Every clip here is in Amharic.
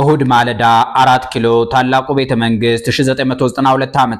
እሁድ ማለዳ አራት ኪሎ ታላቁ ቤተ መንግስት 1992 ዓ.ም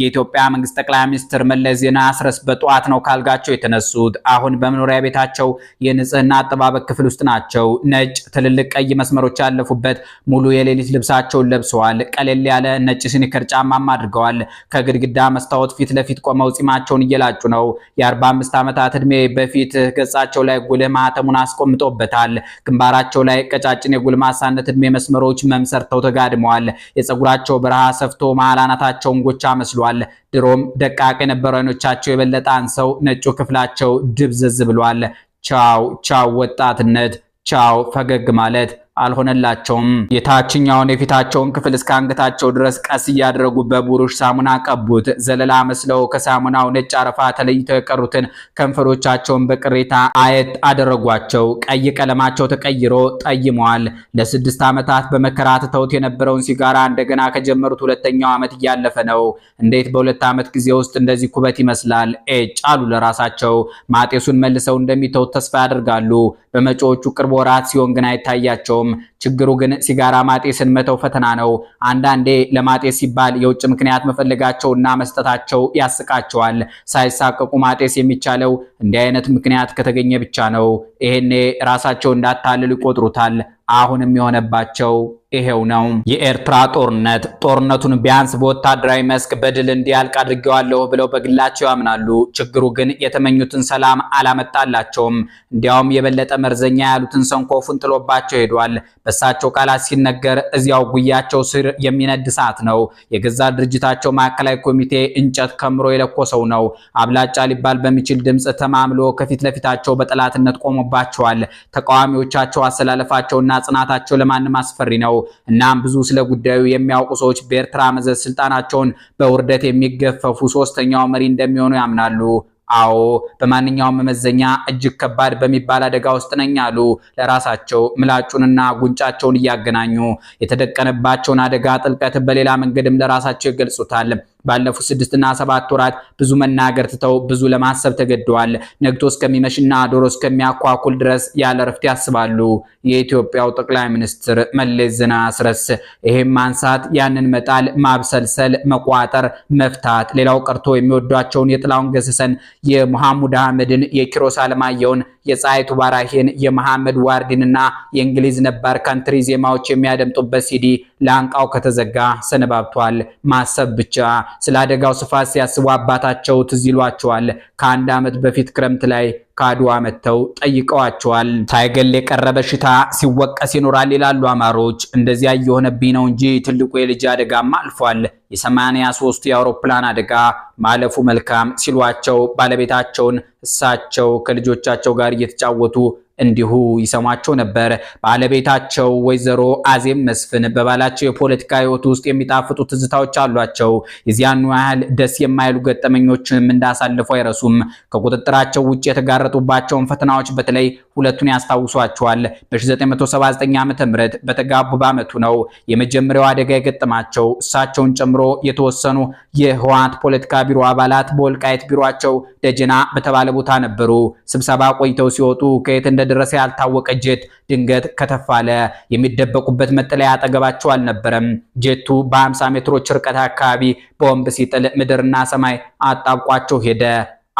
የኢትዮጵያ መንግስት ጠቅላይ ሚኒስትር መለስ ዜና አስረስ በጠዋት ነው ካልጋቸው የተነሱት። አሁን በመኖሪያ ቤታቸው የንጽህና አጠባበቅ ክፍል ውስጥ ናቸው። ነጭ ትልልቅ ቀይ መስመሮች ያለፉበት ሙሉ የሌሊት ልብሳቸውን ለብሰዋል። ቀለል ያለ ነጭ ስኒከር ጫማም አድርገዋል። ከግድግዳ መስታወት ፊት ለፊት ቆመው ጺማቸውን እየላጩ ነው። የ45 ዓመታት ዕድሜ በፊት ገጻቸው ላይ ጉልህ ማህተሙን አስቆምጦበታል። ግንባራቸው ላይ ቀጫጭን የጉልማሳነት ዕድሜ መስመር መስመሮች መምሰርተው ተጋድመዋል። የፀጉራቸው በረሃ ሰፍቶ መሃል አናታቸውን ጎቻ መስሏል። ድሮም ደቃቅ የነበሩ አይኖቻቸው የበለጠ አንሰው ነጩ ክፍላቸው ድብዘዝ ብሏል። ቻው ቻው ወጣትነት፣ ቻው ፈገግ ማለት አልሆነላቸውም። የታችኛውን የፊታቸውን ክፍል እስከ አንገታቸው ድረስ ቀስ እያደረጉ በቡሩሽ ሳሙና ቀቡት። ዘለላ መስለው ከሳሙናው ነጭ አረፋ ተለይተው የቀሩትን ከንፈሮቻቸውን በቅሬታ አየት አደረጓቸው። ቀይ ቀለማቸው ተቀይሮ ጠይመዋል። ለስድስት ዓመታት በመከራ ትተውት የነበረውን ሲጋራ እንደገና ከጀመሩት ሁለተኛው ዓመት እያለፈ ነው። እንዴት በሁለት ዓመት ጊዜ ውስጥ እንደዚህ ኩበት ይመስላል? ኤጭ አሉ ለራሳቸው። ማጤሱን መልሰው እንደሚተውት ተስፋ ያደርጋሉ። በመጪዎቹ ቅርብ ወራት ሲሆን ግን አይታያቸውም። የለውም። ችግሩ ግን ሲጋራ ማጤስን መተው ፈተና ነው። አንዳንዴ ለማጤስ ሲባል የውጭ ምክንያት መፈለጋቸውና መስጠታቸው ያስቃቸዋል። ሳይሳቀቁ ማጤስ የሚቻለው እንዲህ አይነት ምክንያት ከተገኘ ብቻ ነው። ይሄኔ ራሳቸው እንዳታልሉ ይቆጥሩታል። አሁንም የሆነባቸው ይሄው ነው። የኤርትራ ጦርነት ጦርነቱን ቢያንስ በወታደራዊ መስክ በድል እንዲያልቅ አድርጌዋለሁ ብለው በግላቸው ያምናሉ። ችግሩ ግን የተመኙትን ሰላም አላመጣላቸውም። እንዲያውም የበለጠ መርዘኛ ያሉትን ሰንኮፉን ጥሎባቸው ሄዷል። በእሳቸው ቃላት ሲነገር እዚያው ጉያቸው ስር የሚነድ እሳት ነው። የገዛ ድርጅታቸው ማዕከላዊ ኮሚቴ እንጨት ከምሮ የለኮሰው ነው። አብላጫ ሊባል በሚችል ድምፅ ተማምሎ ከፊት ለፊታቸው በጠላትነት ቆሞባቸዋል። ተቃዋሚዎቻቸው አሰላለፋቸውና ጽናታቸው ለማንም አስፈሪ ነው። እናም ብዙ ስለ ጉዳዩ የሚያውቁ ሰዎች በኤርትራ መዘዝ ስልጣናቸውን በውርደት የሚገፈፉ ሶስተኛው መሪ እንደሚሆኑ ያምናሉ። አዎ በማንኛውም መመዘኛ እጅግ ከባድ በሚባል አደጋ ውስጥ ነኝ አሉ ለራሳቸው ምላጩንና ጉንጫቸውን እያገናኙ የተደቀነባቸውን አደጋ ጥልቀት በሌላ መንገድም ለራሳቸው ይገልጹታል። ባለፉት ስድስትና ሰባት ወራት ብዙ መናገር ትተው ብዙ ለማሰብ ተገደዋል። ነግቶ እስከሚመሽና ዶሮ እስከሚያኳኩል ድረስ ያለ እረፍት ያስባሉ። የኢትዮጵያው ጠቅላይ ሚኒስትር መለስ ዜናዊ አስረስ ይህም ማንሳት፣ ያንን መጣል፣ ማብሰልሰል፣ መቋጠር፣ መፍታት ሌላው ቀርቶ የሚወዷቸውን የጥላውን ገሰሰን፣ የሙሐሙድ አህመድን፣ የኪሮስ አለማየሁን የፀሐይቱ ባራሂን የመሐመድ ዋርዲንና የእንግሊዝ ነባር ካንትሪ ዜማዎች የሚያደምጡበት ሲዲ ለአንቃው ከተዘጋ ሰነባብቷል። ማሰብ ብቻ ስለ አደጋው ስፋት ሲያስቡ አባታቸው ትዝ ይሏቸዋል። ከአንድ ዓመት በፊት ክረምት ላይ ከአድዋ መጥተው ጠይቀዋቸዋል። ሳይገል የቀረ በሽታ ሲወቀስ ይኖራል ይላሉ አማሮች። እንደዚያ እየሆነብኝ ነው እንጂ ትልቁ የልጅ አደጋም አልፏል። የሰማንያ ሶስቱ የአውሮፕላን አደጋ ማለፉ መልካም ሲሏቸው ባለቤታቸውን እሳቸው ከልጆቻቸው ጋር እየተጫወቱ እንዲሁ ይሰሟቸው ነበር። ባለቤታቸው ወይዘሮ አዜብ መስፍን በባላቸው የፖለቲካ ህይወት ውስጥ የሚጣፍጡ ትዝታዎች አሏቸው። የዚያኑ ያህል ደስ የማይሉ ገጠመኞችንም እንዳሳልፉ አይረሱም። ከቁጥጥራቸው ውጭ የተጋረጡባቸውን ፈተናዎች በተለይ ሁለቱን ያስታውሷቸዋል። በ1979 ዓ.ም በተጋቡ በአመቱ ነው የመጀመሪያው አደጋ የገጠማቸው። እሳቸውን ጨምሮ የተወሰኑ የህወሓት ፖለቲካ ቢሮ አባላት በወልቃየት ቢሮቸው ደጀና በተባለ ቦታ ነበሩ። ስብሰባ ቆይተው ሲወጡ ከየት እንደ እንደደረሰ ያልታወቀ ጀት ድንገት ከተፋለ። የሚደበቁበት መጠለያ አጠገባቸው አልነበረም። ጄቱ በ50 ሜትሮች ርቀት አካባቢ ቦምብ ሲጥል ምድርና ሰማይ አጣብቋቸው ሄደ።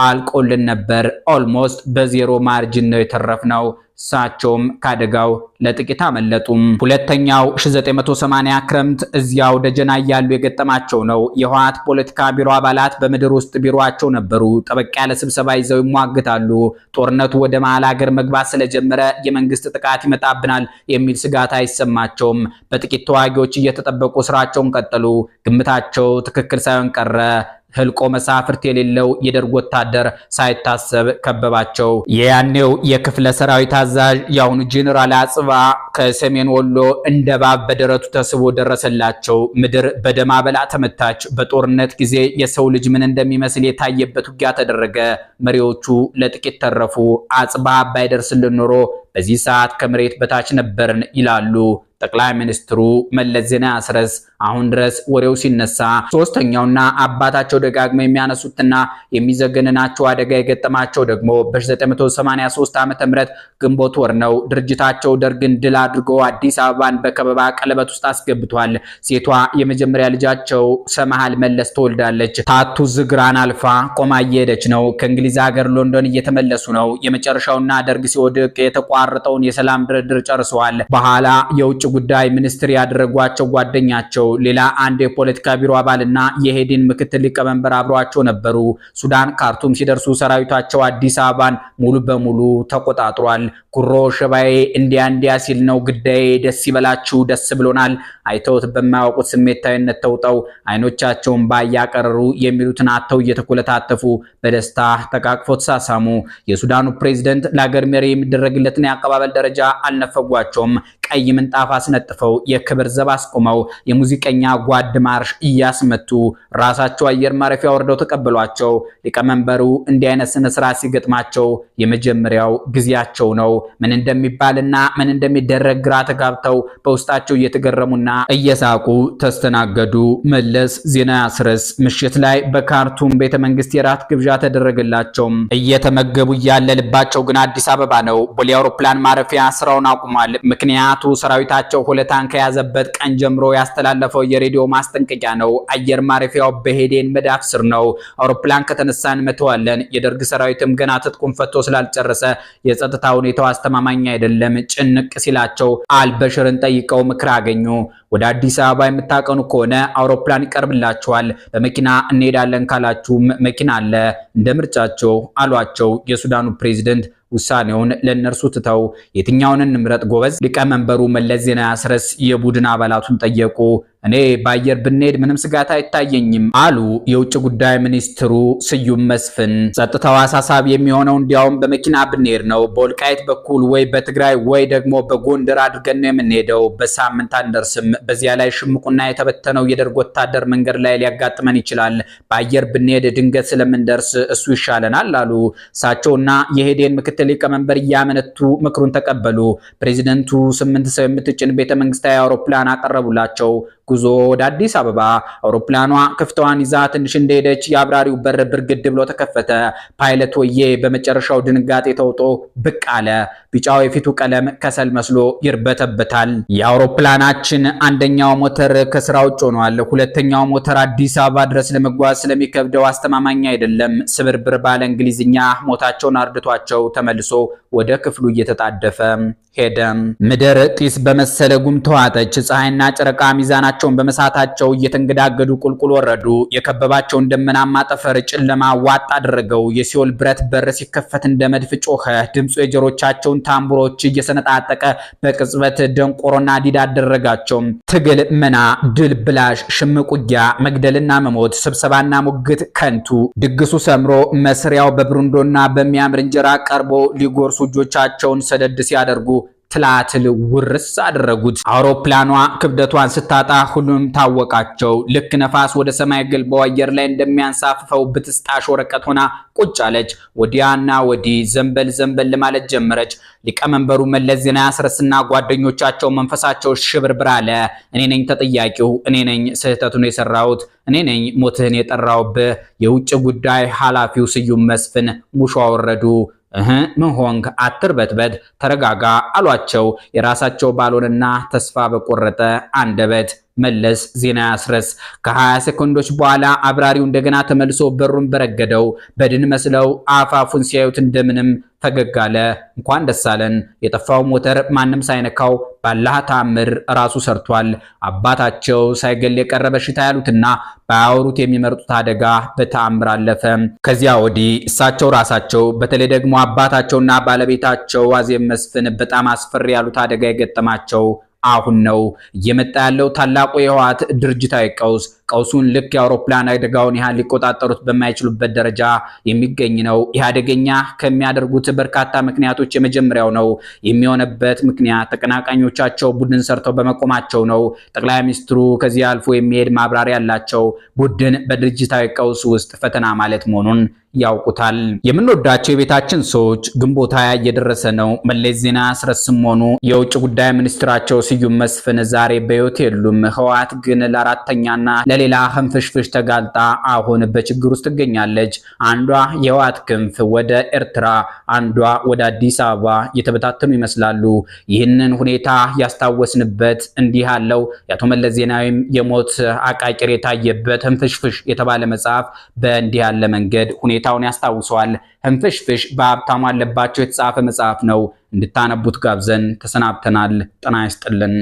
አልቆልን ነበር። ኦልሞስት በዜሮ ማርጅን ነው የተረፍነው። እሳቸውም ካደጋው ለጥቂት አመለጡም። ሁለተኛው 1980 ክረምት እዚያው ደጀና እያሉ የገጠማቸው ነው። የህወሓት ፖለቲካ ቢሮ አባላት በምድር ውስጥ ቢሮቸው ነበሩ። ጠበቅ ያለ ስብሰባ ይዘው ይሟግታሉ። ጦርነቱ ወደ መሀል ሀገር መግባት ስለጀመረ የመንግስት ጥቃት ይመጣብናል የሚል ስጋት አይሰማቸውም። በጥቂት ተዋጊዎች እየተጠበቁ ስራቸውን ቀጠሉ። ግምታቸው ትክክል ሳይሆን ቀረ። ህልቆ መሳፍርት የሌለው የደርግ ወታደር ሳይታሰብ ከበባቸው። የያኔው የክፍለ ሰራዊት አዛዥ የአሁኑ ጄኔራል አጽባ ከሰሜን ወሎ እንደ በደረቱ ተስቦ ደረሰላቸው። ምድር በደማ በላ ተመታች። በጦርነት ጊዜ የሰው ልጅ ምን እንደሚመስል የታየበት ውጊያ ተደረገ። መሪዎቹ ለጥቂት ተረፉ። አጽባ ባይደርስልን ኖሮ በዚህ ሰዓት ከመሬት በታች ነበርን ይላሉ ጠቅላይ ሚኒስትሩ መለስ ዜናዊ አስረስ አሁን ድረስ ወሬው ሲነሳ ሶስተኛውና አባታቸው ደጋግመው የሚያነሱትና የሚዘገንናቸው አደጋ የገጠማቸው ደግሞ በ983 ም ግንቦት ወር ነው። ድርጅታቸው ደርግን ድል አድርጎ አዲስ አበባን በከበባ ቀለበት ውስጥ አስገብቷል። ሴቷ የመጀመሪያ ልጃቸው ሰመሃል መለስ ተወልዳለች። ታቱ ዝግራን አልፋ ቆማ እየሄደች ነው። ከእንግሊዝ ሀገር ሎንዶን እየተመለሱ ነው። የመጨረሻውና ደርግ ሲወድቅ የተቋረጠውን የሰላም ድርድር ጨርሰዋል። በኋላ የውጭ ጉዳይ ሚኒስትር ያደረጓቸው ጓደኛቸው ሌላ አንድ የፖለቲካ ቢሮ አባልና የሄድን ምክትል ሊቀመንበር አብረዋቸው ነበሩ። ሱዳን ካርቱም ሲደርሱ ሰራዊታቸው አዲስ አበባን ሙሉ በሙሉ ተቆጣጥሯል። ጉሮ ሸባዬ እንዲያ እንዲያ ሲል ነው ግዳዬ። ደስ ይበላችሁ፣ ደስ ብሎናል። አይተውት በማያውቁት ስሜታዊነት ተውጠው አይኖቻቸውን ባያቀረሩ የሚሉትን አተው እየተኮለታተፉ በደስታ ተቃቅፎ ተሳሳሙ። የሱዳኑ ፕሬዝደንት ለአገር መሪ የሚደረግለትን የአቀባበል ደረጃ አልነፈጓቸውም። ቀይ ምንጣፍ አስነጥፈው የክብር ዘብ አስቆመው የሙዚቀኛ ጓድ ማርሽ እያስመቱ ራሳቸው አየር ማረፊያ ወርደው ተቀበሏቸው። ሊቀመንበሩ እንዲህ አይነት ስነ ስርዓት ሲገጥማቸው የመጀመሪያው ጊዜያቸው ነው። ምን እንደሚባልና ምን እንደሚደረግ ግራ ተጋብተው በውስጣቸው እየተገረሙና እየሳቁ ተስተናገዱ። መለስ ዜና ያስረስ ምሽት ላይ በካርቱም ቤተ መንግስት የራት ግብዣ ተደረገላቸውም። እየተመገቡ እያለ ልባቸው ግን አዲስ አበባ ነው። ቦሌ አውሮፕላን ማረፊያ ስራውን አቁሟል። ምክንያት ህወሓቱ ሰራዊታቸው ሁለታን ከያዘበት ቀን ጀምሮ ያስተላለፈው የሬዲዮ ማስጠንቀቂያ ነው። አየር ማረፊያው በሄዴን መዳፍ ስር ነው። አውሮፕላን ከተነሳን መተዋለን። የደርግ ሰራዊትም ገና ትጥቁን ፈቶ ስላልጨረሰ የጸጥታ ሁኔታው አስተማማኝ አይደለም። ጭንቅ ሲላቸው አልበሽርን ጠይቀው ምክር አገኙ። ወደ አዲስ አበባ የምታቀኑ ከሆነ አውሮፕላን ይቀርብላችኋል። በመኪና እንሄዳለን ካላችሁም መኪና አለ፣ እንደ ምርጫቸው አሏቸው የሱዳኑ ፕሬዝደንት ውሳኔውን ለእነርሱ ትተው የትኛውን እንምረጥ ጎበዝ? ሊቀመንበሩ መለስ ዜናዊ አስረስ የቡድን አባላቱን ጠየቁ። እኔ በአየር ብንሄድ ምንም ስጋት አይታየኝም አሉ የውጭ ጉዳይ ሚኒስትሩ ስዩም መስፍን። ጸጥታው አሳሳቢ የሚሆነው እንዲያውም በመኪና ብንሄድ ነው። በወልቃይት በኩል ወይ በትግራይ ወይ ደግሞ በጎንደር አድርገን ነው የምንሄደው። በሳምንት አንደርስም። በዚያ ላይ ሽምቁና የተበተነው የደርግ ወታደር መንገድ ላይ ሊያጋጥመን ይችላል። በአየር ብንሄድ ድንገት ስለምንደርስ እሱ ይሻለናል አሉ። እሳቸውና የሄዴን ምክትል ሊቀመንበር እያመነቱ ምክሩን ተቀበሉ። ፕሬዚደንቱ ስምንት ሰው የምትጭን ቤተመንግስታዊ አውሮፕላን አቀረቡላቸው። ጉዞ ወደ አዲስ አበባ። አውሮፕላኗ ክፍተዋን ይዛ ትንሽ እንደሄደች የአብራሪው በር ብርግድ ብሎ ተከፈተ። ፓይለት ወዬ በመጨረሻው ድንጋጤ ተውጦ ብቅ አለ። ቢጫው የፊቱ ቀለም ከሰል መስሎ ይርበተበታል። የአውሮፕላናችን አንደኛው ሞተር ከስራ ውጭ ሆኗል። ሁለተኛው ሞተር አዲስ አበባ ድረስ ለመጓዝ ስለሚከብደው አስተማማኝ አይደለም። ስብርብር ባለ እንግሊዝኛ ሞታቸውን አርድቷቸው ተመልሶ ወደ ክፍሉ እየተጣደፈ ሄደ። ምድር ጢስ በመሰለ ጉም ተዋጠች። ፀሐይና ጨረቃ ሚዛና ራሳቸውን በመሳታቸው እየተንገዳገዱ ቁልቁል ወረዱ። የከበባቸውን ደመናማ ጠፈር ጨለማ ዋጥ አደረገው። የሲኦል ብረት በር ሲከፈት እንደ መድፍ ጮኸ። ድምፁ የጆሮቻቸውን ታምቡሮች እየሰነጣጠቀ በቅጽበት ደንቆሮና ዲዳ አደረጋቸው። ትግል፣ መና፣ ድል፣ ብላሽ፣ ሽምቅ ውጊያ፣ መግደልና መሞት፣ ስብሰባና ሙግት ከንቱ። ድግሱ ሰምሮ መስሪያው በብሩንዶና በሚያምር እንጀራ ቀርቦ ሊጎርሱ እጆቻቸውን ሰደድ ሲያደርጉ ትላትል ውርስ አደረጉት። አውሮፕላኗ ክብደቷን ስታጣ ሁሉም ታወቃቸው። ልክ ነፋስ ወደ ሰማይ ገልባው አየር ላይ እንደሚያንሳፍፈው ብትስጣሽ ወረቀት ሆና ቁጭ አለች። ወዲያና ወዲህ ዘንበል ዘንበል ማለት ጀመረች። ሊቀመንበሩ መለስ ዜና ያስረስና ጓደኞቻቸው መንፈሳቸው ሽብርብር አለ። እኔ ነኝ ተጠያቂው፣ እኔ ነኝ ስህተቱን የሰራሁት፣ እኔ ነኝ ሞትህን የጠራውብህ። የውጭ ጉዳይ ኃላፊው ስዩም መስፍን ሙሾ አወረዱ። እህ ምን ሆንክ? አትርበትበት፣ ተረጋጋ አሏቸው። የራሳቸው ባልሆነና ተስፋ በቆረጠ አንደበት መለስ ዜና ያስረስ ከ20 ሴኮንዶች በኋላ አብራሪው እንደገና ተመልሶ በሩን በረገደው። በድን መስለው አፋፉን ሲያዩት እንደምንም ፈገግ አለ። እንኳን ደስ አለን። የጠፋው ሞተር ማንም ሳይነካው ባላህ ተአምር ራሱ ሰርቷል። አባታቸው ሳይገል የቀረ በሽታ ያሉትና ባያወሩት የሚመርጡት አደጋ በተአምር አለፈ። ከዚያ ወዲህ እሳቸው ራሳቸው በተለይ ደግሞ አባታቸውና ባለቤታቸው ዋዜም መስፍን በጣም አስፈሪ ያሉት አደጋ የገጠማቸው አሁን ነው እየመጣ ያለው ታላቁ የህወሓት ድርጅታዊ ቀውስ። ቀውሱን ልክ የአውሮፕላን አደጋውን ያህል ሊቆጣጠሩት በማይችሉበት ደረጃ የሚገኝ ነው። ይህ አደገኛ ከሚያደርጉት በርካታ ምክንያቶች የመጀመሪያው ነው። የሚሆነበት ምክንያት ተቀናቃኞቻቸው ቡድን ሰርተው በመቆማቸው ነው። ጠቅላይ ሚኒስትሩ ከዚህ አልፎ የሚሄድ ማብራሪያ ያላቸው ቡድን በድርጅታዊ ቀውስ ውስጥ ፈተና ማለት መሆኑን ያውቁታል። የምንወዳቸው የቤታችን ሰዎች ግንቦት ሃያ እየደረሰ ነው። መለስ ዜና ስረት ሆኑ የውጭ ጉዳይ ሚኒስትራቸው ስዩም መስፍን ዛሬ በሕይወት የሉም። ህወሓት ግን ለአራተኛና ለሌላ ህንፍሽፍሽ ተጋልጣ አሁን በችግር ውስጥ ትገኛለች። አንዷ የህወሓት ክንፍ ወደ ኤርትራ፣ አንዷ ወደ አዲስ አበባ እየተበታተኑ ይመስላሉ። ይህንን ሁኔታ ያስታወስንበት እንዲህ አለው የአቶ መለስ ዜናዊም የሞት አቃቂር የታየበት ህንፍሽፍሽ የተባለ መጽሐፍ በእንዲህ ያለ መንገድ ሁኔታ ሁኔታውን ያስታውሰዋል። ህንፍሽፍሽ በሀብታሙ አለባቸው የተጻፈ መጽሐፍ ነው። እንድታነቡት ጋብዘን ተሰናብተናል። ጤና ይስጥልን።